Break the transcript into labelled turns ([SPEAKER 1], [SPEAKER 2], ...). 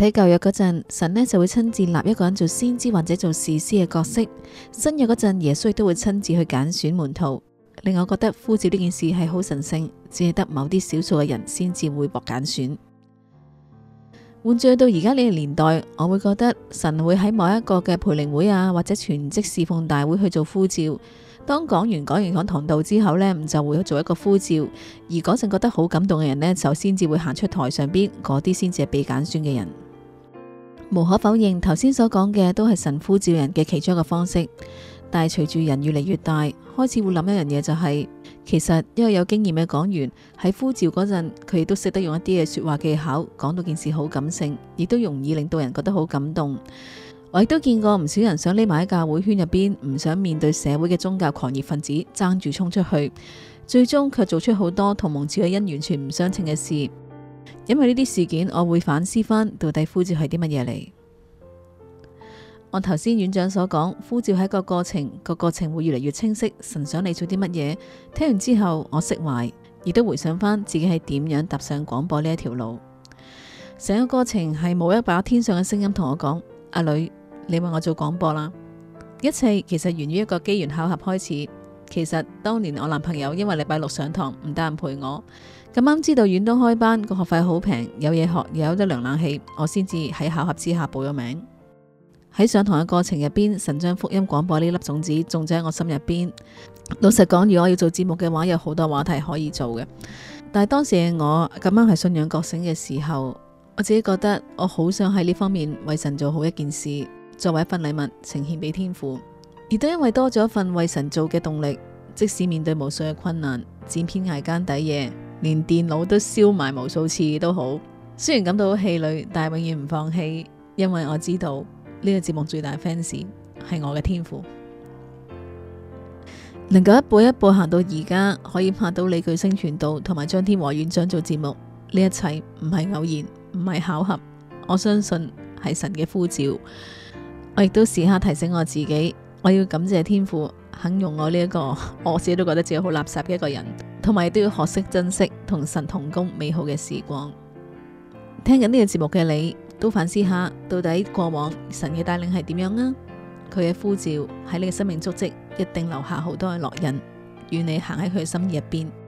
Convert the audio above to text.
[SPEAKER 1] 喺舊約嗰陣，神呢就會親自立一個人做先知或者做士師嘅角色。新約嗰陣，耶穌都會親自去揀選門徒。令我覺得呼召呢件事係好神聖，只係得某啲少數嘅人先至會獲揀選。換轉到而家呢個年代，我會覺得神會喺某一個嘅培靈會啊，或者全職侍奉大會去做呼召。當講完講完講堂道之後呢，就會做一個呼召，而嗰陣覺得好感動嘅人呢，就先至會行出台上邊，嗰啲先至係被揀選嘅人。無可否認，頭先所講嘅都係神呼召人嘅其中一個方式，但係隨住人越嚟越大，開始會諗一樣嘢，就是，就係其實因為有經驗嘅講員喺呼召嗰陣，佢亦都識得用一啲嘅說話技巧，講到件事好感性，亦都容易令到人覺得好感動。我亦都見過唔少人想匿埋喺教會圈入邊，唔想面對社會嘅宗教狂熱分子，爭住衝出去，最終卻做出好多同蒙召嘅恩完全唔相稱嘅事。因為呢啲事件，我會反思翻到底呼召係啲乜嘢嚟。按頭先院長所講，呼召係一個過程，個過程會越嚟越清晰。神想你做啲乜嘢？聽完之後，我釋懷，亦都回想翻自己係點樣踏上廣播呢一條路。成個過程係冇一把天上嘅聲音同我講：阿女，你為我做廣播啦。一切其實源於一個機緣巧合開始。其實當年我男朋友因為禮拜六上堂唔得閒陪我，咁啱知道遠東開班個學費好平，有嘢學又有得涼冷氣，我先至喺巧合之下報咗名。喺上堂嘅過程入邊，神將福音廣播呢粒種子種咗喺我心入邊。老實講，如果我要做節目嘅話，有好多話題可以做嘅。但係當時嘅我咁啱係信仰覺醒嘅時候，我自己覺得我好想喺呢方面為神做好一件事，作為一份禮物呈獻俾天父。亦都因為多咗一份為神做嘅動力，即使面對無數嘅困難，剪片挨更抵夜，連電腦都燒埋無數次都好。雖然感到氣餒，但係永遠唔放棄，因為我知道呢、呢個節目最大 fans 係我嘅天賦， 能夠一步一步行到而家，可以拍到李巨星、傳道同埋張天和院長做節目，呢一切唔係偶然，唔係巧合，我相信係神嘅呼召。我亦都時刻提醒我自己。我要感謝天父肯容我呢、這、一個，我自己都覺得自己好垃圾嘅一個人，同埋都要學識珍惜同神同工美好嘅時光。聽緊呢個節目嘅你，都反思下到底過往神嘅帶領係點樣啊？佢嘅呼召喺你嘅生命足跡，一定留下好多嘅烙印，願你行喺佢心意入邊。